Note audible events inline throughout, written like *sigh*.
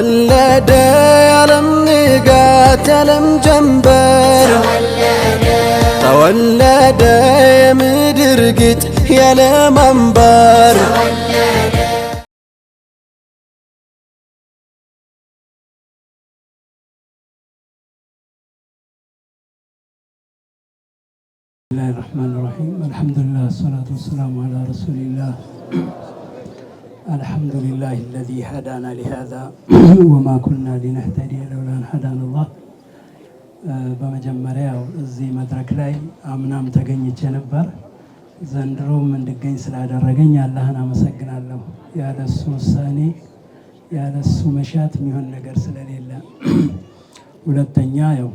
تولد يرم قاتلم جنبر تولد مدر قد يا منبر بسم الله الرحمن الرحيم الحمد لله والصلاة والسلام على رسول الله አልሐምዱሊላህ አለዚ ሀዳና ሊሃዛ *clears throat* ወማ ኩና ሊነህተዲየ ለውላ አን ሀዳና አላህ። በመጀመሪያ እዚህ መድረክ ላይ አምናም ተገኝቼ ነበር። ዘንድሮም እንድገኝ ስላደረገኝ አላህን አመሰግናለሁ። ያለሱ ውሳኔ ያለሱ መሻት የሚሆን ነገር ስለሌለ፣ *clears throat* ሁለተኛ ያው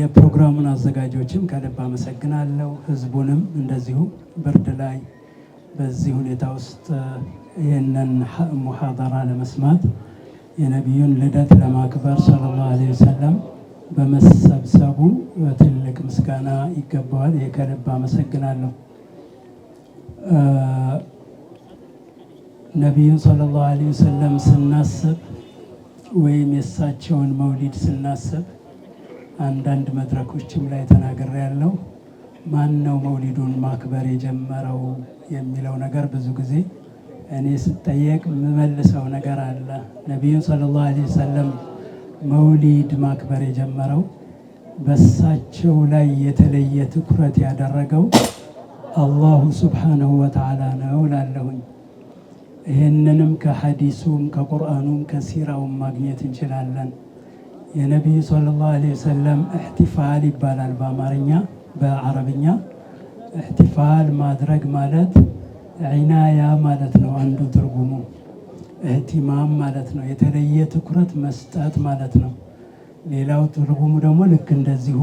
የፕሮግራሙን አዘጋጆችም ከልብ አመሰግናለሁ። ህዝቡንም እንደዚሁ ብርድ ላይ በዚህ ሁኔታ ውስጥ ይህንን ሙሐደራ ለመስማት የነቢዩን ልደት ለማክበር ሰለላሁ ዐለይሂ ወሰለም በመሰብሰቡ ትልቅ ምስጋና ይገባዋል። ይህ ከልብ አመሰግናለሁ። ነቢዩን ሰለላሁ ዐለይሂ ወሰለም ስናስብ ወይም የእሳቸውን መውሊድ ስናስብ አንዳንድ መድረኮችም ላይ ተናግሬ ያለው ማን ነው መውሊዱን ማክበር የጀመረው የሚለው ነገር ብዙ ጊዜ እኔ ስጠየቅ የምመልሰው ነገር አለ። ነቢዩን ሰለላሁ ዐለይሂ ወሰለም መውሊድ ማክበር የጀመረው በሳቸው ላይ የተለየ ትኩረት ያደረገው አላሁ ሱብሓነሁ ወተዓላ ነው ላለሁኝ። ይህንንም ከሐዲሱም ከቁርአኑም ከሲራውም ማግኘት እንችላለን። የነቢዩ ሰለላሁ ዐለይሂ ወሰለም እሕቲፋል ይባላል በአማርኛ በአረብኛ እህቲፋል ማድረግ ማለት ዒናያ ማለት ነው። አንዱ ትርጉሙ እህቲማም ማለት ነው፣ የተለየ ትኩረት መስጠት ማለት ነው። ሌላው ትርጉሙ ደግሞ ልክ እንደዚሁ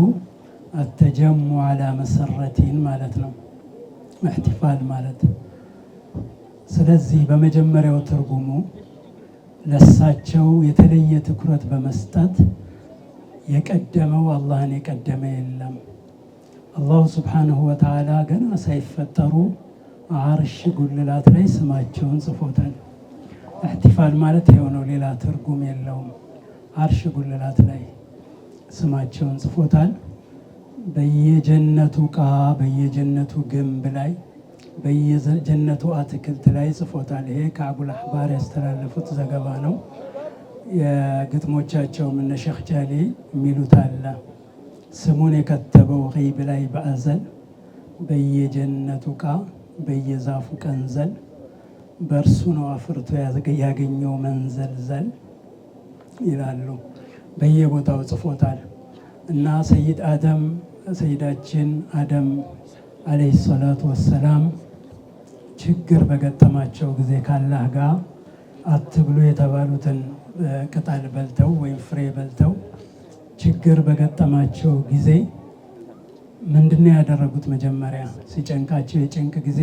አተጀሙ አላ መሰረቲን ማለት ነው፣ እህቲፋል ማለት። ስለዚህ በመጀመሪያው ትርጉሙ ለሳቸው የተለየ ትኩረት በመስጠት የቀደመው አላህን የቀደመ የለም አላሁ ስብሓነሁ ወተዓላ ገና ሳይፈጠሩ አርሽ ጉልላት ላይ ስማቸውን ጽፎታል። እሕቲፋል ማለት የሆነው ሌላ ትርጉም የለውም። አርሽ ጉልላት ላይ ስማቸውን ጽፎታል። በየጀነቱ ዕቃ፣ በየጀነቱ ግንብ ላይ፣ በየጀነቱ አትክልት ላይ ጽፎታል። ይሄ ከአቡል አሕባር ያስተላለፉት ዘገባ ነው። የግጥሞቻቸውም እነ ሸህ ጃሌ የሚሉት አለ ስሙን የከተበው ኸይብ ላይ በአዘል በየጀነቱ ቃ በየዛፉ ቀንዘል በእርሱ ነው አፍርቶ ያገኘው መንዘልዘል ይላሉ። በየቦታው ጽፎታል እና ሰይድ አደም ሰይዳችን አደም አለይሂ ሰላቱ ወሰላም ችግር በገጠማቸው ጊዜ ካላህ ጋር አትብሉ የተባሉትን ቅጠል በልተው ወይም ፍሬ በልተው ችግር በገጠማቸው ጊዜ ምንድነው ያደረጉት? መጀመሪያ ሲጨንቃቸው የጭንቅ ጊዜ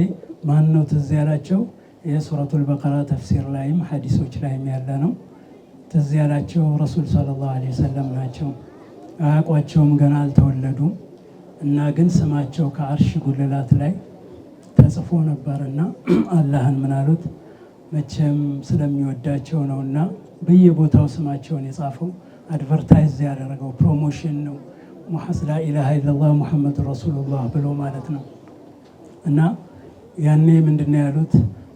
ማን ነው ትዝ ያላቸው? የሱረቱል በቀራ ተፍሲር ላይም ሀዲሶች ላይም ያለ ነው። ትዝ ያላቸው ረሱል ሰለላሁ ዐለይሂ ወሰለም ናቸው። አያውቋቸውም፣ ገና አልተወለዱም። እና ግን ስማቸው ከአርሽ ጉልላት ላይ ተጽፎ ነበር እና አላህን ምናሉት መቼም ስለሚወዳቸው ነው እና በየቦታው ስማቸውን የጻፈው አድቨርታይዝ ያደረገው ፕሮሞሽን ነው። ላ ኢላሃ ኢለላህ ሙሐመድ ረሱሉላህ ብሎ ማለት ነው። እና ያኔ ምንድን ነው ያሉት?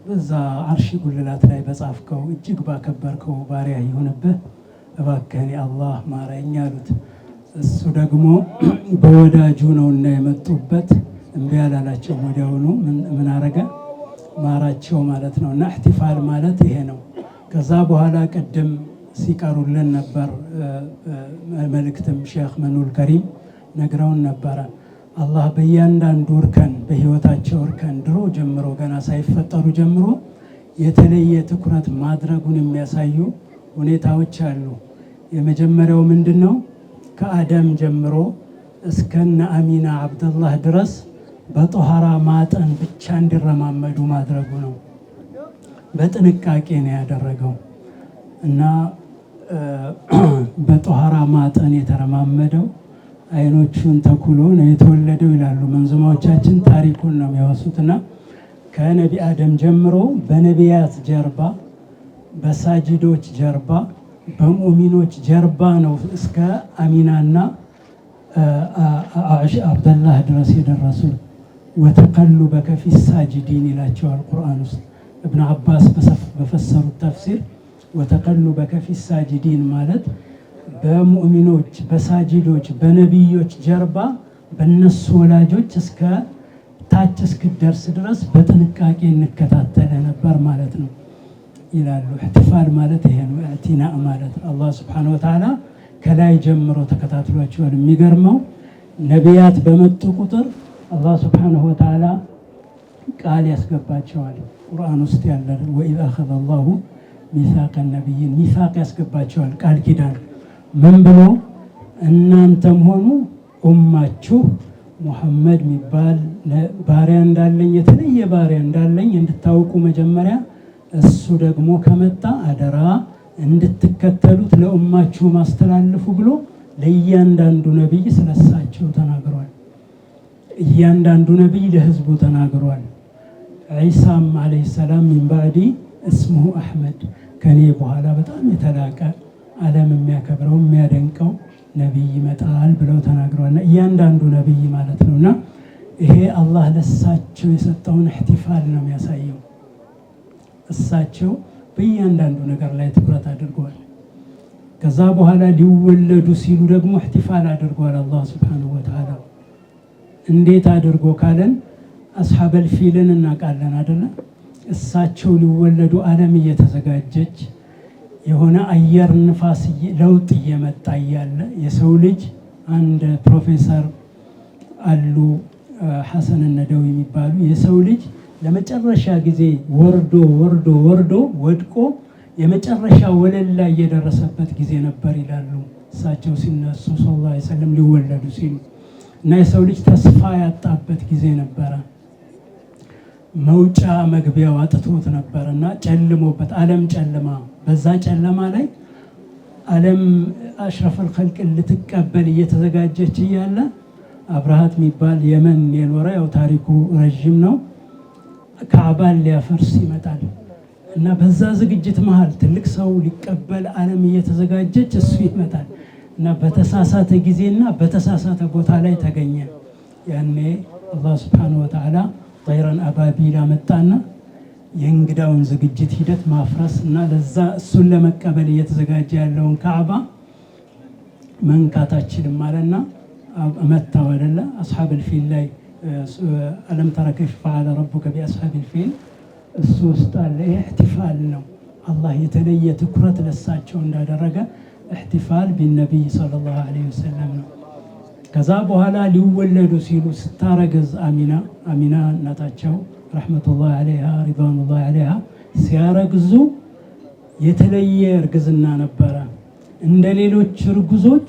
በዛ አርሺ ጉልላት ላይ በጻፍከው እጅግ ባከበርከው ባሪያ ይሁንብህ እባክህን አላህ ማረኝ አሉት። እሱ ደግሞ *clears throat* በወዳጁ እና የመጡበት እምቢ ያላላቸው ወዲያውኑ ምን አረገ ማራቸው ማለት ነው። እና እሕቲፋል ማለት ይሄ ነው። ከዛ በኋላ ቅድም ሲቀሩልን ነበር። መልእክትም ሼክ መኑል ከሪም ነግረውን ነበረ። አላህ በእያንዳንዱ እርከን በህይወታቸው እርከን ድሮ ጀምሮ ገና ሳይፈጠሩ ጀምሮ የተለየ ትኩረት ማድረጉን የሚያሳዩ ሁኔታዎች አሉ። የመጀመሪያው ምንድን ነው? ከአደም ጀምሮ እስከነ አሚና አብደላህ ድረስ በጦሃራ ማጠን ብቻ እንዲረማመዱ ማድረጉ ነው። በጥንቃቄ ነው ያደረገው እና *clears throat* በጦሃራ ማጠን የተረማመደው አይኖቹን ተኩሎ ነው የተወለደው ይላሉ መንዙማዎቻችን። ታሪኩን ነው የሚያወሱትና ከነቢ አደም ጀምሮ በነቢያት ጀርባ፣ በሳጅዶች ጀርባ፣ በሙእሚኖች ጀርባ ነው እስከ አሚናና አብደላህ ድረስ የደረሱ ወተከሉ በከፊት ሳጅዲን ይላቸዋል ቁርአን ውስጥ እብነ አባስ በፈሰሩት ተፍሲር ወተቀኑ በከፊ ሳጅዲን ማለት በሙእሚኖች በሳጅዶች በነቢዮች ጀርባ በእነሱ ወላጆች እስከ ታች እስክደርስ ድረስ በጥንቃቄ እንከታተለ ነበር ማለት ነው ይላሉ። እሕትፋል ማለት ይሄ ነው። እዕቲናእ ማለት አላህ ስብሓነ ወተዓላ ከላይ ጀምሮ ተከታትሏቸዋል። የሚገርመው ነቢያት በመጡ ቁጥር አላህ ስብሓነሁ ወተዓላ ቃል ያስገባቸዋል። ቁርአን ውስጥ ያለ ወኢዝ አኸዘ አላሁ ሚሳቅ ነቢይን ሚሳቅ ያስገባቸዋል። ቃል ኪዳን ምን ብሎ እናንተም ሆኑ ኡማችሁ ሙሐመድ የሚባል ባሪያ እንዳለኝ የተለየ ባሪያ እንዳለኝ እንድታውቁ መጀመሪያ እሱ ደግሞ ከመጣ አደራ እንድትከተሉት ለኡማችሁ ማስተላልፉ ብሎ ለእያንዳንዱ ነቢይ ስለሳቸው ተናግሯል። እያንዳንዱ ነቢይ ለህዝቡ ተናግሯል። ዒሳም ዓለይሂ ሰላም ሚን ባዕዲ እስሙሁ አሕመድ ከኔ በኋላ በጣም የተላቀ ዓለም የሚያከብረው የሚያደንቀው ነቢይ ይመጣል ብለው ተናግረዋልና እያንዳንዱ ነቢይ ማለት ነው። እና ይሄ አላህ ለእሳቸው የሰጠውን እህቲፋል ነው የሚያሳየው። እሳቸው በእያንዳንዱ ነገር ላይ ትኩረት አድርገዋል። ከዛ በኋላ ሊወለዱ ሲሉ ደግሞ እህቲፋል አድርገዋል። አላህ ስብሓነሁ ወተዓላ እንዴት አድርጎ ካለን አስሓበል ፊልን እናውቃለን አይደለም እሳቸው ሊወለዱ ዓለም እየተዘጋጀች የሆነ አየር ንፋስ ለውጥ እየመጣ እያለ የሰው ልጅ አንድ ፕሮፌሰር አሉ ሐሰን ነደው የሚባሉ የሰው ልጅ ለመጨረሻ ጊዜ ወርዶ ወርዶ ወርዶ ወድቆ የመጨረሻ ወለል ላይ የደረሰበት ጊዜ ነበር ይላሉ። እሳቸው ሲነሱ ሰለላሁ ዐለይሂ ወሰለም ሊወለዱ ሲሉ እና የሰው ልጅ ተስፋ ያጣበት ጊዜ ነበረ። መውጫ መግቢያው አጥቶት ነበር እና ጨልሞበት ዓለም ጨለማ በዛ ጨለማ ላይ ዓለም አሽረፈል ኸልቅን ልትቀበል እየተዘጋጀች እያለ አብርሃት የሚባል የመን የኖረ ያው ታሪኩ ረዥም ነው። ካዕባን ሊያፈርስ ይመጣል እና በዛ ዝግጅት መሀል ትልቅ ሰው ሊቀበል ዓለም እየተዘጋጀች እሱ ይመጣል እና በተሳሳተ ጊዜና በተሳሳተ ቦታ ላይ ተገኘ። ያኔ አላህ ስብሓነሁ ወተዓላ ባይረን አባቢል አመጣና የእንግዳውን ዝግጅት ሂደት ማፍረስ እና ለዛ እሱን ለመቀበል እየተዘጋጀ ያለውን ካዕባ መንካት አችልም አለና መታው አይደለ አስሓብል ፊል ላይ አለም ተረ ከይፈ ፈዐለ ረቡከ ቢአስሓብል ፊል እሱ ውስጥ አለ። ይህ እሕትፋል ነው። አላህ የተለየ ትኩረት ለሳቸው እንዳደረገ እሕትፋል ቢነቢይ ሰለላሁ ዐለይሂ ወሰለም ነው። ከዛ በኋላ ሊወለዱ ሲሉ ስታረገዝ አሚና አሚና እናታቸው ረሕመቱላህ ዓለይሃ ሪድዋኑላህ ዓለይሃ ሲያረግዙ የተለየ እርግዝና ነበረ። እንደ ሌሎች እርጉዞች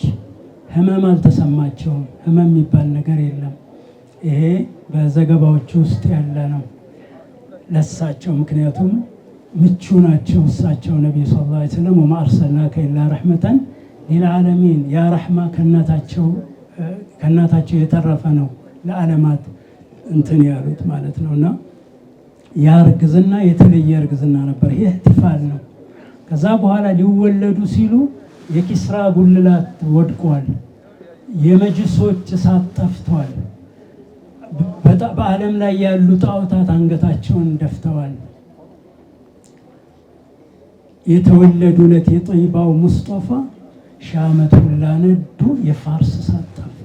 ህመም አልተሰማቸውም። ህመም የሚባል ነገር የለም። ይሄ በዘገባዎች ውስጥ ያለ ነው ለሳቸው ምክንያቱም ምቹ ናቸው። እሳቸው ነቢዩ ሰለላሁ ዓለይሂ ወሰለም ወማ አርሰልናከ ኢላ ረሕመተን ሊልዓለሚን ያ ረሕማ ከእናታቸው ከእናታቸው የተረፈ ነው ለዓለማት እንትን ያሉት ማለት ነው። እና ያ እርግዝና የተለየ እርግዝና ነበር። ይህ ትፋል ነው። ከዛ በኋላ ሊወለዱ ሲሉ የኪስራ ጉልላት ወድቋል። የመጅሶች እሳት ጠፍቷል። በዓለም ላይ ያሉ ጣዖታት አንገታቸውን ደፍተዋል። የተወለዱ ዕለት የጦይባው ሙስጦፋ ሺህ ዓመት ሁላ ነዱ የፋርስ እሳት ጠፋ።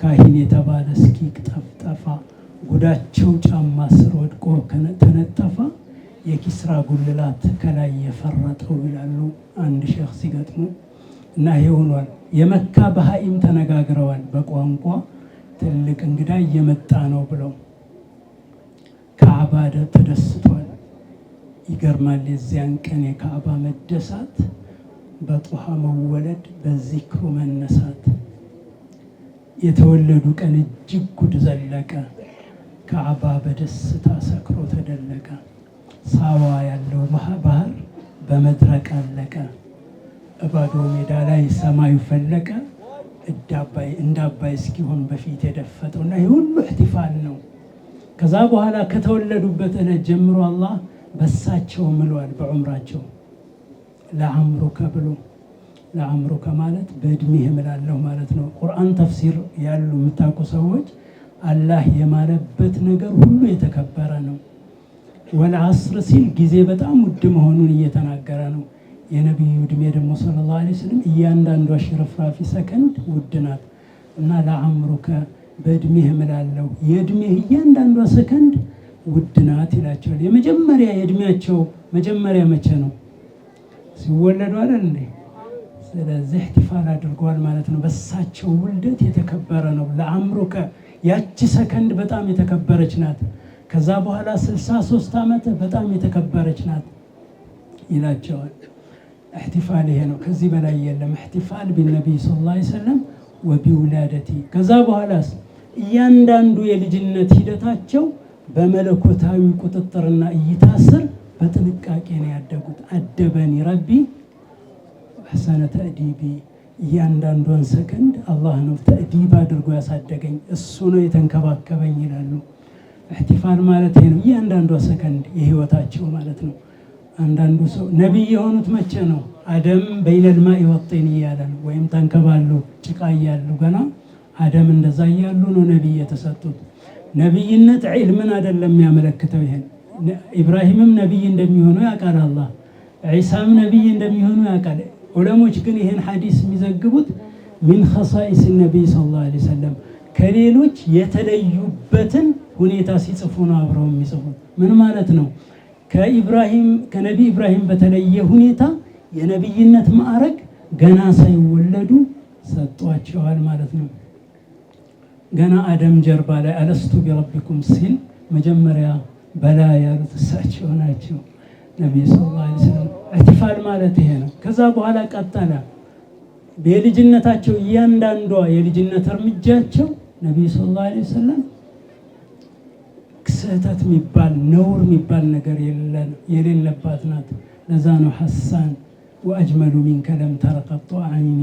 ካህን የተባለ እስኪቅ ጠፍጠፋ ጉዳቸው ጫማ ስር ወድቆ ተነጠፋ። የኪስራ ጉልላት ከላይ የፈረጠው ይላሉ አንድ ሼክ ሲገጥሙ እና ይሄ ሆኗል። የመካ በሀይም ተነጋግረዋል በቋንቋ ትልቅ እንግዳ እየመጣ ነው ብለው ከአባ ተደስቷል። ይገርማል የዚያን ቀን የካዕባ መደሳት በጦሃ መወለድ በዚክሩ መነሳት የተወለዱ ቀን እጅግ ጉድ ዘለቀ። ከአባ በደስታ ሰክሮ ተደለቀ። ሳዋ ያለው ባህር በመድረቅ አለቀ። እባዶ ሜዳ ላይ ሰማዩ ፈለቀ። እንደ አባይ እስኪሆን በፊት የደፈጠው እና ይህ እህትፋል ነው። ከዛ በኋላ ከተወለዱበት ዕለት ጀምሮ አላህ በሳቸው ምሏል በዑምራቸው ለአእምሮከ ብሎ ለአእምሮከ ማለት በእድሜህ እምላለሁ ማለት ነው። ቁርአን ተፍሲር ያሉ የምታውቁ ሰዎች አላህ የማለበት ነገር ሁሉ የተከበረ ነው። ወለአስር ሲል ጊዜ በጣም ውድ መሆኑን እየተናገረ ነው። የነቢዩ እድሜ ደግሞ ሰለላሁ ዐለይሂ ወሰለም እያንዳንዷ ሽርፍራፊ ሰከንድ ውድ ናት እና ለአእምሮከ በእድሜህ እምላለሁ የእድሜህ እያንዳንዷ ሰከንድ ውድ ናት ይላቸዋል። የመጀመሪያ የእድሜያቸው መጀመሪያ መቼ ነው? ሲወለዱ አይደል እንዴ? ስለዚህ ኢህቲፋል አድርጓል ማለት ነው። በሳቸው ውልደት የተከበረ ነው። ለአምሮከ ያቺ ሰከንድ በጣም የተከበረች ናት። ከዛ በኋላ ስልሳ ሶስት ዓመት በጣም የተከበረች ናት ይላቸዋል። ኢህቲፋል ይሄ ነው። ከዚህ በላይ የለም። ኢህቲፋል ቢነቢይ ሰለላሁ ዐለይሂ ወሰለም ወቢውላደቲ። ከዛ በኋላስ እያንዳንዱ የልጅነት ሂደታቸው በመለኮታዊ ቁጥጥርና እይታ ስር በጥንቃቄ ነው ያደጉት። አደበኒ ረቢ አሕሰነ ተዕዲቢ። እያንዳንዷን ሰከንድ አላህ ነው ተዕዲብ አድርጎ ያሳደገኝ እሱ ነው የተንከባከበኝ ይላሉ። እህቲፋል ማለት ነው እያንዳንዷ ሰከንድ የህይወታቸው ማለት ነው። አንዳንዱ ሰው ነቢይ የሆኑት መቼ ነው? አደም በይነልማ ይወጤን እያለ ነው። ወይም ተንከባሉ ጭቃ እያሉ ገና አደም እንደዛ እያሉ ነው ነቢይ የተሰጡት። ነቢይነት ዒልምን አይደለም የሚያመለክተው ይሄን ኢብራሂምም ነቢይ እንደሚሆኑ ያውቃል። አላህ ዒሳም ነቢይ እንደሚሆኑ ያውቃል። ዑለሞች ግን ይህን ሐዲስ የሚዘግቡት ሚን ኸሳኢስ ነቢይ ሰለላሁ ዐለይሂ ወሰለም ከሌሎች የተለዩበትን ሁኔታ ሲጽፉ ነው አብረው የሚጽፉ ምን ማለት ነው? ከኢብራሂም ከነቢ ኢብራሂም በተለየ ሁኔታ የነቢይነት ማዕረግ ገና ሳይወለዱ ሰጧቸዋል ማለት ነው። ገና አደም ጀርባ ላይ አለስቱ ቢረቢኩም ሲል መጀመሪያ በላ ያሉት እሳቸው ናቸው። ነቢዩ ሰለላሁ ዐለይሂ ወሰለም ኢህቲፋል ማለት ይሄ ነው። ከዛ በኋላ ቀጠለ። የልጅነታቸው እያንዳንዷ የልጅነት እርምጃቸው ነቢዩ ሰለላሁ ዐለይሂ ወሰለም ስህተት የሚባል ነውር የሚባል ነገር የሌለባት ናት። ለዛ ነው ሐሳን ወአጅመሉ ሚንከ ለም ተረ ቀጡ አይኒ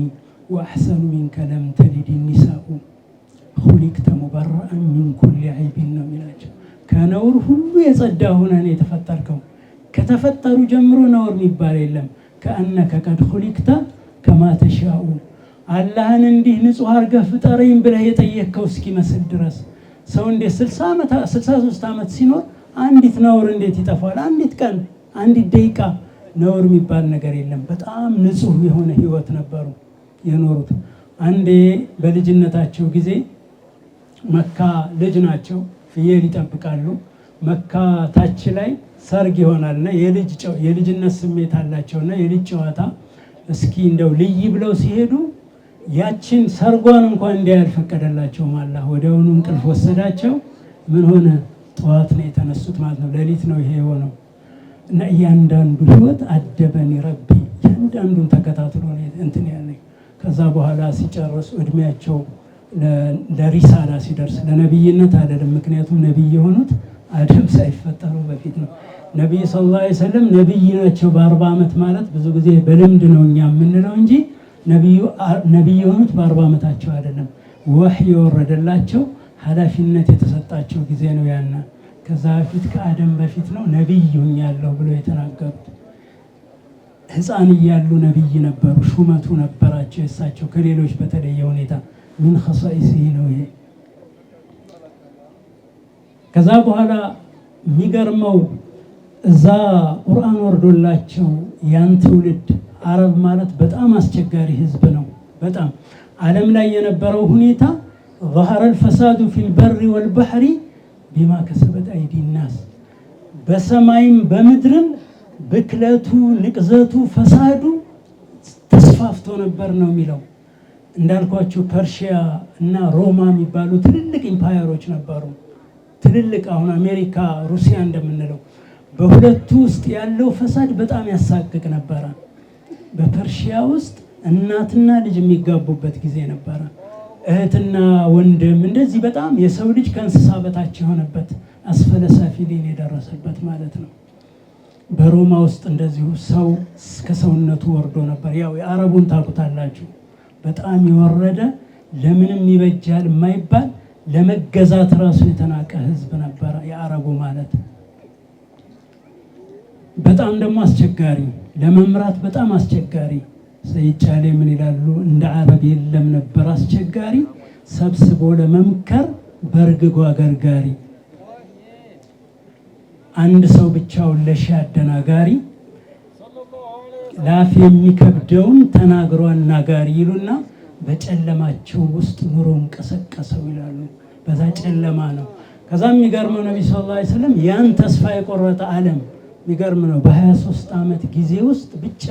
ወአሕሰኑ ሚንከ ለም ተሊድ ኒሳኡ ሁሊክተ ሙበረአን ሚን ኩሊ ዐይቢን ነው የሚላቸው ከነውር ሁሉ የጸዳ ሆነን የተፈጠርከው ከተፈጠሩ ጀምሮ ነውር የሚባል የለም። ከአነከ ቀድ ሁሊክተ ከማተሻኡ አላህን እንዲህ ንጹሕ አድርገህ ፍጠረኝ ብለህ የጠየቅከው እስኪመስል ድረስ ሰው እንዴት 63 ዓመት ሲኖር አንዲት ነውር እንዴት ይጠፋል? አንዲት ቀን፣ አንዲት ደቂቃ ነውር የሚባል ነገር የለም። በጣም ንጹሕ የሆነ ህይወት ነበሩ የኖሩት። አንዴ በልጅነታቸው ጊዜ መካ ልጅ ናቸው ፍየል ይጠብቃሉ። መካ ታች ላይ ሰርግ ይሆናልና የልጅነት ስሜት አላቸውና የልጅ ጨዋታ እስኪ እንደው ልይ ብለው ሲሄዱ ያችን ሰርጓን እንኳን እንዲያ ያልፈቀደላቸውም አላህ ወዲያውኑ እንቅልፍ ወሰዳቸው። ምን ሆነ? ጠዋት ነው የተነሱት ማለት ነው። ሌሊት ነው ይሄ የሆነው እና እያንዳንዱ ህይወት አደበኒ ረቢ እያንዳንዱን ተከታትሎ እንትን ያለ ከዛ በኋላ ሲጨርሱ እድሜያቸው ለሪሳላ ሲደርስ ለነቢይነት አይደለም። ምክንያቱም ነቢይ የሆኑት አደም ሳይፈጠሩ በፊት ነው። ነቢይ ሰለላሁ ዐለይሂ ወሰለም ነቢይ ናቸው በአርባ ዓመት ማለት ብዙ ጊዜ በልምድ ነው እኛ የምንለው እንጂ ነቢይ የሆኑት በአርባ ዓመታቸው አይደለም። ወህ የወረደላቸው ኃላፊነት የተሰጣቸው ጊዜ ነው ያነ ከዛ በፊት ከአደም በፊት ነው ነቢይ ሁኛለሁ ብሎ የተናገሩት። ህፃን እያሉ ነቢይ ነበሩ። ሹመቱ ነበራቸው የእሳቸው ከሌሎች በተለየ ሁኔታ ምን ኸሳኢስ ነው ይሄ። ከዛ በኋላ የሚገርመው እዛ ቁርአን ወርዶላቸው ያን ትውልድ አረብ ማለት በጣም አስቸጋሪ ህዝብ ነው። በጣም ዓለም ላይ የነበረው ሁኔታ ظهر الفساد في البر والبحر بما كسبت ايدي الناس በሰማይም በምድርም ብክለቱ፣ ንቅዘቱ፣ ፈሳዱ ተስፋፍቶ ነበር ነው የሚለው እንዳልኳችሁ ፐርሺያ እና ሮማ የሚባሉ ትልልቅ ኢምፓየሮች ነበሩ። ትልልቅ አሁን አሜሪካ፣ ሩሲያ እንደምንለው በሁለቱ ውስጥ ያለው ፈሳድ በጣም ያሳቅቅ ነበረ። በፐርሺያ ውስጥ እናትና ልጅ የሚጋቡበት ጊዜ ነበረ። እህትና ወንድም እንደዚህ በጣም የሰው ልጅ ከእንስሳ በታች የሆነበት አስፈለሳፊ ሊን የደረሰበት ማለት ነው። በሮማ ውስጥ እንደዚሁ ሰው ከሰውነቱ ወርዶ ነበር። ያው የአረቡን ታውቁታላችሁ። በጣም የወረደ ለምንም ይበጃል የማይባል ለመገዛት ራሱ የተናቀ ህዝብ ነበረ የአረቡ ማለት። በጣም ደግሞ አስቸጋሪ ለመምራት በጣም አስቸጋሪ። ሰይቻሌ ምን ይላሉ? እንደ አረብ የለም ነበር አስቸጋሪ፣ ሰብስቦ ለመምከር በርግጎ አገርጋሪ፣ አንድ ሰው ብቻውን ለሺ አደናጋሪ ላፍ የሚከብደውን ተናግሮ አናጋሪ ይሉና በጨለማቸው ውስጥ ኑሮን ቀሰቀሰው ይላሉ። በዛ ጨለማ ነው። ከዛ የሚገርመው ነቢ ስ ላ ስለም ያን ተስፋ የቆረጠ አለም የሚገርም ነው። በ23 ዓመት ጊዜ ውስጥ ብቻ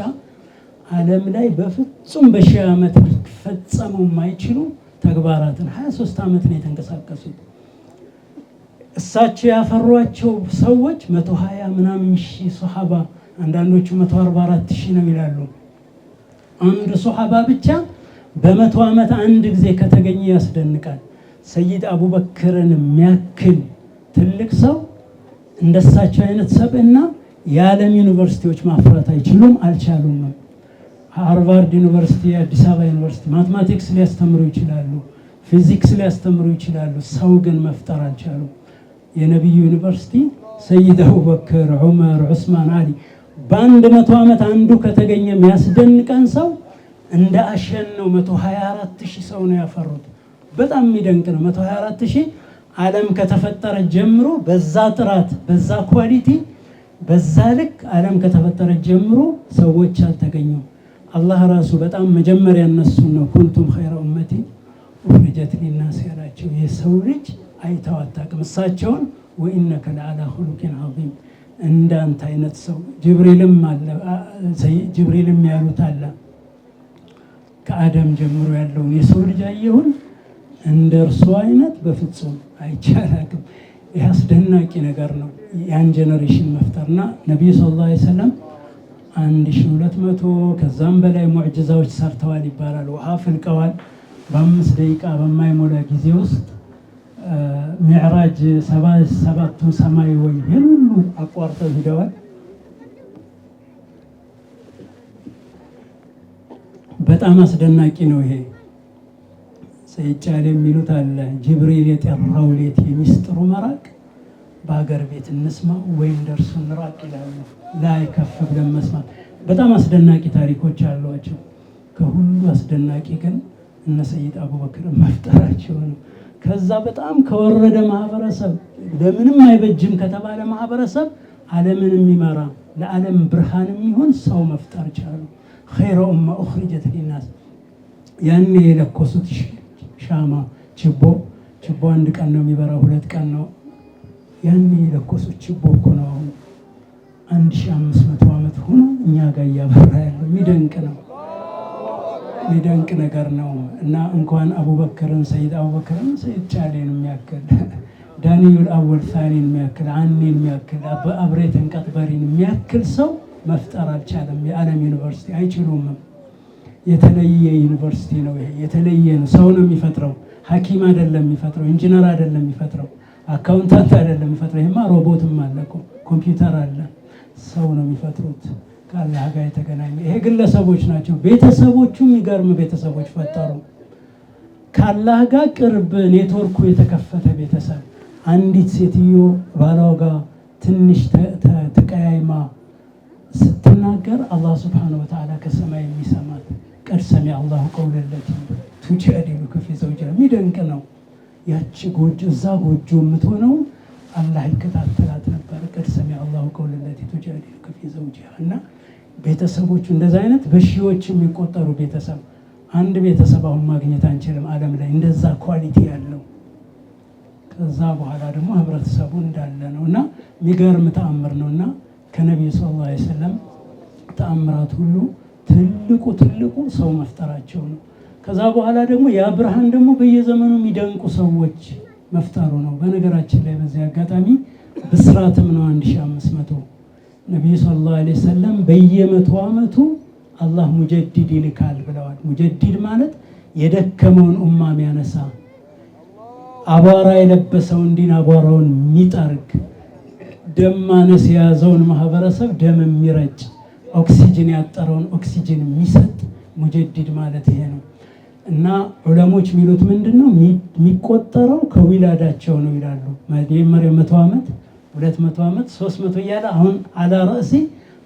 አለም ላይ በፍጹም በሺ ዓመት ሊፈጸሙ የማይችሉ ተግባራትን 23 ዓመት ነው የተንቀሳቀሱት። እሳቸው ያፈሯቸው ሰዎች 120 ምናምን ሺህ ሰሃባ አንዳንዶቹ 144 ሺህ ነው ይላሉ። አንድ ሶሐባ ብቻ በመቶ ዓመት አንድ ጊዜ ከተገኘ ያስደንቃል። ሰይድ አቡበክርን የሚያክል ትልቅ ሰው እንደሳቸው አይነት ሰብእና የዓለም ዩኒቨርሲቲዎች ማፍራት አይችሉም፣ አልቻሉም። ሃርቫርድ ዩኒቨርሲቲ፣ አዲስ አበባ ዩኒቨርሲቲ ማትማቲክስ ሊያስተምሩ ይችላሉ፣ ፊዚክስ ሊያስተምሩ ይችላሉ። ሰው ግን መፍጠር አልቻሉም። የነቢዩ ዩኒቨርሲቲ ሰይድ አቡበክር፣ ዑመር፣ ዑስማን፣ አሊ በአንድ መቶ ዓመት አንዱ ከተገኘ የሚያስደንቀን ሰው እንደ አሸን ነው። መቶ ሀያ አራት ሺህ ሰው ነው ያፈሩት። በጣም የሚደንቅ ነው። መቶ ሀያ አራት ሺህ ዓለም ከተፈጠረ ጀምሮ በዛ ጥራት፣ በዛ ኳሊቲ፣ በዛ ልክ ዓለም ከተፈጠረ ጀምሮ ሰዎች አልተገኙም። አላህ ራሱ በጣም መጀመሪያ እነሱን ነው ኩንቱም ኸይረ ኡመቲ ኡኽሪጀት ሊናስ ያላቸው የሰው ልጅ አይተው አታውቅም። እሳቸውን ወኢነከ ለዓላ ኹሉቂን ዐዚም እንዳንተ አይነት ሰው ጅብሪልም አለ ጅብሪልም ያሉት አለ ከአደም ጀምሮ ያለውን የሰው ልጅ አየሁን እንደ እርሱ አይነት በፍጹም አይቼ ይህ አስደናቂ ነገር ነው። ያን ጀነሬሽን መፍጠርና ነቢዩ ሰለላሁ ላ ሰለም አንድ ሺ ሁለት መቶ ከዛም በላይ ሙዕጅዛዎች ሰርተዋል ይባላል። ውሃ ፍልቀዋል። በአምስት ደቂቃ በማይሞላ ጊዜ ውስጥ ሚዕራጅ ሰባቱን ሰማይ ወይ ሁሉ አቋርጠው ሂደዋል። በጣም አስደናቂ ነው ይሄ። ሰይጫሌ የሚሉት አለ ጅብሪል የጠራው ሌት የሚስጥሩ መራቅ በሀገር ቤት እንስማ ወይም ደርሱ እንራቅ ይላሉ። ላይ ከፍ ብለን መስማት በጣም አስደናቂ ታሪኮች አሏቸው። ከሁሉ አስደናቂ ግን እነ ሰይድ አቡበክር መፍጠራቸው ነው። ከዛ በጣም ከወረደ ማህበረሰብ ለምንም አይበጅም ከተባለ ማህበረሰብ ዓለምን የሚመራ ለዓለም ብርሃን የሚሆን ሰው መፍጠር ቻሉ። ኸይረ ኡማ ኡኽሪጀት ሊናስ ያኔ የለኮሱት ሻማ ችቦ ችቦ አንድ ቀን ነው የሚበራው፣ ሁለት ቀን ነው። ያኔ የለኮሱት ችቦ እኮ ነው አሁን አንድ ሺህ አምስት መቶ ዓመት ሆኖ እኛ ጋር እያበራ ያለው የሚደንቅ ነው። ሊደንቅ ነገር ነው እና እንኳን አቡበክርን ሰይድ አቡበክርን ሰይድ ቻሌን የሚያክል ዳንዩል አወል ሳኒን የሚያክል አኔን የሚያክል አብሬት እንቀጥበሪን የሚያክል ሰው መፍጠር አልቻለም። የዓለም ዩኒቨርሲቲ አይችሉም። የተለየ ዩኒቨርሲቲ ነው ይሄ። የተለየ ነው። ሰው ነው የሚፈጥረው። ሐኪም አይደለም የሚፈጥረው። ኢንጂነር አይደለም የሚፈጥረው። አካውንታንት አይደለም የሚፈጥረው። ይሄማ ሮቦትም አለ እኮ ኮምፒውተር አለ። ሰው ነው የሚፈጥሩት። ከአላህ ጋር የተገናኘ ይሄ ግለሰቦች ናቸው። ቤተሰቦቹ የሚገርም ቤተሰቦች ፈጠሩ። ከአላህ ጋር ቅርብ ኔትወርኩ የተከፈተ ቤተሰብ። አንዲት ሴትዮ ባሏ ጋር ትንሽ ተቀያይማ ስትናገር አላህ ስብሓነ ወተዓላ ከሰማይ የሚሰማት ቀድ ሰሚ አላሁ ቀውለለቲ ቱጃዲሉከ ፊ ዘውጅሃ የሚደንቅ ነው። ያቺ ጎጆ እዛ ጎጆ የምትሆነው አላህ ይከታተላት ነበር። ቀድ ሰሚ አላሁ ቀውለለቲ ቱጃዲሉከ ፊ ዘውጅሃ እና ቤተሰቦቹ እንደዚ አይነት በሺዎች የሚቆጠሩ ቤተሰብ አንድ ቤተሰብ አሁን ማግኘት አንችልም ዓለም ላይ እንደዛ ኳሊቲ ያለው። ከዛ በኋላ ደግሞ ህብረተሰቡ እንዳለ ነው እና የሚገርም ተአምር ነው እና ከነቢዩ ስ ላ ሰለም ተአምራት ሁሉ ትልቁ ትልቁ ሰው መፍጠራቸው ነው። ከዛ በኋላ ደግሞ የአብርሃን ደግሞ በየዘመኑ የሚደንቁ ሰዎች መፍጠሩ ነው። በነገራችን ላይ በዚህ አጋጣሚ ብስራትም ነው አንድ ሺህ አምስት መቶ ነቢዩ ሰለላሁ ዐለይሂ ወሰለም በየመቶ ዓመቱ አላህ ሙጀዲድ ይልካል ብለዋል። ሙጀዲድ ማለት የደከመውን ኡማ የሚያነሳ አቧራ የለበሰውን ዲን አቧራውን የሚጠርግ ደም ማነስ የያዘውን ማህበረሰብ ደም የሚረጭ ኦክሲጅን ያጠረውን ኦክሲጅን የሚሰጥ ሙጀዲድ ማለት ይሄ ነው። እና ዑለሞች የሚሉት ምንድን ነው? የሚቆጠረው ከዊላዳቸው ነው ይላሉ። የመጀመሪያው መቶ ዓመት ሁለት መቶ ዓመት ሶስት መቶ እያለ አሁን አላ ርዕሲ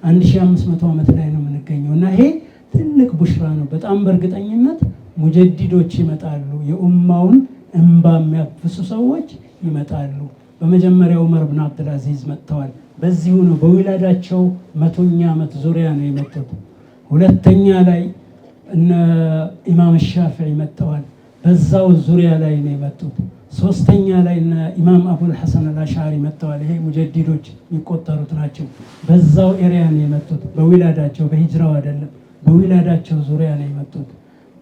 አንድ ሺህ አምስት መቶ ዓመት ላይ ነው የምንገኘው እና ይሄ ትልቅ ቡሽራ ነው። በጣም በእርግጠኝነት ሙጀዲዶች ይመጣሉ። የኡማውን እንባ የሚያፍሱ ሰዎች ይመጣሉ። በመጀመሪያው ዑመር ብን አብድልአዚዝ መጥተዋል። በዚሁ ነው በዊላዳቸው መቶኛ ዓመት ዙሪያ ነው የመጡት። ሁለተኛ ላይ እነ ኢማም ሻፊዒ መጥተዋል። በዛው ዙሪያ ላይ ነው የመጡት። ሶስተኛ ላይ ኢማም አቡል ሐሰን አልአሻሪ መጥተዋል። ይሄ ሙጀዲዶች የሚቆጠሩት ናቸው። በዛው ኤሪያ ነው የመጡት፣ በዊላዳቸው በሂጅራው አይደለም፣ በዊላዳቸው ዙሪያ ነው የመጡት።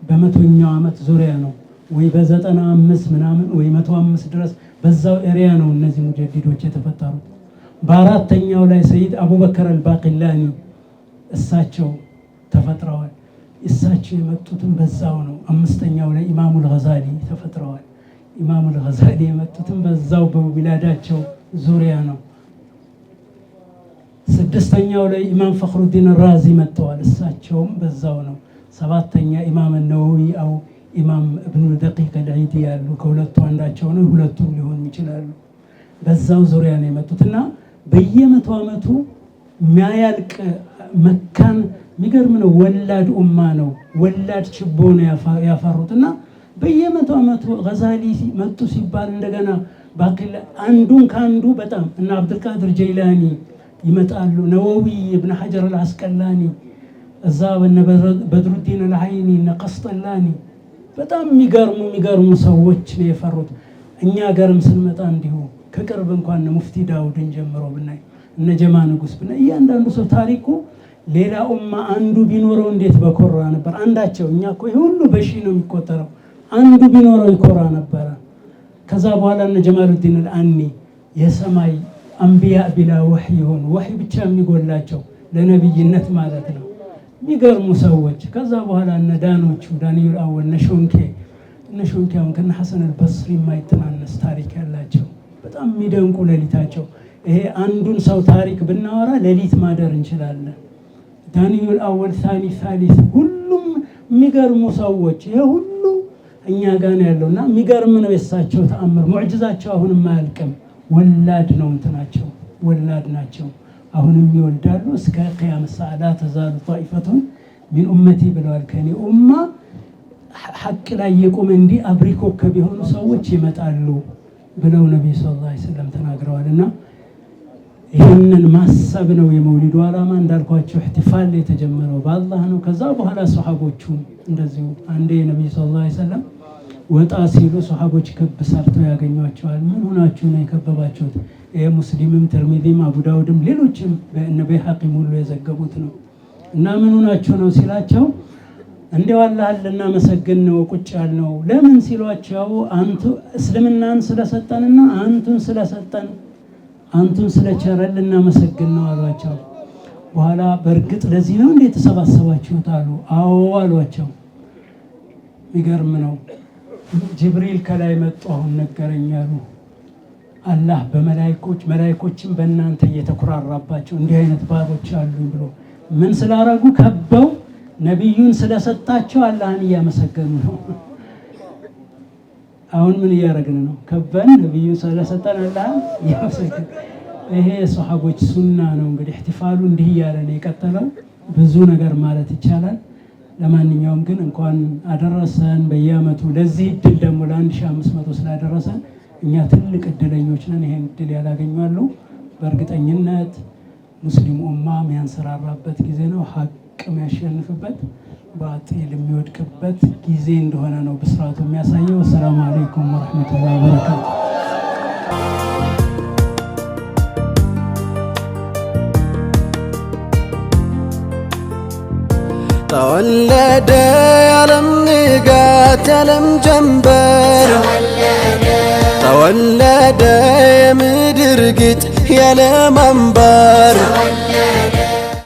በመቶኛው ዓመት ዙሪያ ነው ወይ በዘጠና አምስት ምናምን ወይ መቶ አምስት ድረስ በዛው ኤሪያ ነው እነዚህ ሙጀዲዶች የተፈጠሩት። በአራተኛው ላይ ሰይድ አቡበከር አልባቂላኒ እሳቸው ተፈጥረዋል። እሳቸው የመጡትም በዛው ነው። አምስተኛው ላይ ኢማሙል ገዛሊ ተፈጥረዋል። ኢማሙል ገዛሊ የመጡትም በዛው በዊላዳቸው ዙሪያ ነው። ስድስተኛው ላይ ኢማም ፈክሩዲን ራዚ መጥተዋል። እሳቸውም በዛው ነው። ሰባተኛ ኢማም ነወዊ አው ኢማም እብኑ ደቂቅ ልዒድ ያሉ ከሁለቱ አንዳቸው ነው፣ ሁለቱም ሊሆኑ ይችላሉ። በዛው ዙሪያ ነው የመጡት እና በየመቶ ዓመቱ የሚያያልቅ መካን የሚገርም ነው። ወላድ ኡማ ነው፣ ወላድ ችቦ ነው ያፈሩት እና በየመቶ ዓመቱ ገዛሊ መጡ ሲባል እንደገና ባክላ አንዱን ከአንዱ በጣም እና አብድልቃድር ጀይላኒ ይመጣሉ። ነወዊ እብነ ሐጀር አልአስቀላኒ እዛ በነ በድሩዲን አልዓይኒ እነ ቀስጠላኒ በጣም የሚገርሙ የሚገርሙ ሰዎች ነው የፈሩት። እኛ ገርም ስንመጣ እንዲሁ ከቅርብ እንኳን ሙፍቲ ዳውድን ጀምሮ ብናይ እነ ጀማ ንጉስ ብና እያንዳንዱ ሰው ታሪኩ ሌላ ኡማ አንዱ ቢኖረው እንዴት በኮራ ነበር። አንዳቸው እኛ እኮ ሁሉ በሺ ነው የሚቆጠረው አንዱ ቢኖረው ይኮራ ነበረ። ከዛ በኋላ እነ ጀማሉዲን አልአኒ የሰማይ አንቢያ ቢላ ወህይ ይሆኑ ወህይ ብቻ የሚጎላቸው ለነብይነት ማለት ነው። የሚገርሙ ሰዎች። ከዛ በኋላ እነ ዳኖቹ ዳንኤል አወል፣ እነ ሾንኬ እነ ሾንኬ አሁን ከነ ሐሰን አልበስሪ የማይተናነስ ታሪክ ያላቸው በጣም የሚደንቁ ሌሊታቸው። ይሄ አንዱን ሰው ታሪክ ብናወራ ሌሊት ማደር እንችላለን። ዳንኤል አወል፣ ሳኒ፣ ሳሊስ ሁሉም የሚገርሙ ሰዎች ይሄ ሁሉ እኛ ጋር ነው ያለው እና የሚገርም ነው የእሳቸው ተአምር ሙዕጅዛቸው አሁንም አያልቅም። ወላድ ነው እንትናቸው ወላድ ናቸው። አሁንም ይወልዳሉ እስከ ቅያም ሰዓት ተዛሉ ጣኢፈቱን ሚን ኡመቲ ብለዋል። ከኔ ኡማ ሐቅ ላይ የቆመ እንዲህ አብሪ ኮከብ የሆኑ ሰዎች ይመጣሉ ብለው ነቢዩ ሰለላሁ ዐለይሂ ወሰለም ተናግረዋል። እና ይህንን ማሰብ ነው የመውሊዱ ዓላማ። እንዳልኳቸው እህትፋል የተጀመረው በአላህ ነው። ከዛ በኋላ ሰሓቦቹ እንደዚሁ አንዴ ነቢዩ ሰለላሁ ዐለይሂ ወሰለም ወጣ ሲሉ ሰሃቦች ክብ ሰርተው ያገኟቸዋል። ምን ሆናችሁ ነው የከበባችሁት? ሙስሊምም ተርሚዚም፣ አቡዳውድም ሌሎችም በእነ በሐቂም ሁሉ የዘገቡት ነው። እና ምን ሆናችሁ ነው ሲላቸው እንዲያው አላህን ልናመሰግን ነው ቁጭ ያልነው ለምን ሲሏቸው አንቱ እስልምናን ስለሰጠንና አንቱን ስለሰጠን አንቱን ስለቸረን ልናመሰግን ነው አሏቸው። በኋላ በእርግጥ ለዚህ ነው እንዴ የተሰባሰባችሁት አሉ። አዎ አሏቸው። ይገርም ነው። ጅብሪል ከላይ መጡ አሁን ነገረኝ አሉ። አላህ በመላይኮች መላይኮችም በእናንተ እየተኩራራባቸው እንዲህ አይነት ባሮች አሉ ብሎ ምን ስላረጉ ከበው ነቢዩን ስለሰጣቸው አላህን እያመሰገኑ ነው። አሁን ምን እያደረግን ነው? ከበን ነቢዩን ስለሰጠን አላህን እያመሰገን ይሄ የሰሓቦች ሱና ነው። እንግዲህ እህትፋሉ እንዲህ እያለ ነው የቀጠለው። ብዙ ነገር ማለት ይቻላል። ለማንኛውም ግን እንኳን አደረሰን በየአመቱ ለዚህ እድል ደግሞ ለ1500 ስላደረሰን እኛ ትልቅ እድለኞች ነን። ይሄን እድል ያላገኛሉ። በእርግጠኝነት ሙስሊሙ ኡማ የሚያንሰራራበት ጊዜ ነው። ሀቅ የሚያሸንፍበት፣ ባጢል የሚወድቅበት ጊዜ እንደሆነ ነው ብስራቱ የሚያሳየው። አሰላሙ አለይኩም ወረሕመቱላሂ ወበረካቱ ተወለደ ያለም ንጋት ያለም ጀንበር ተወለደ የምድር ግጥ ያለም አንባር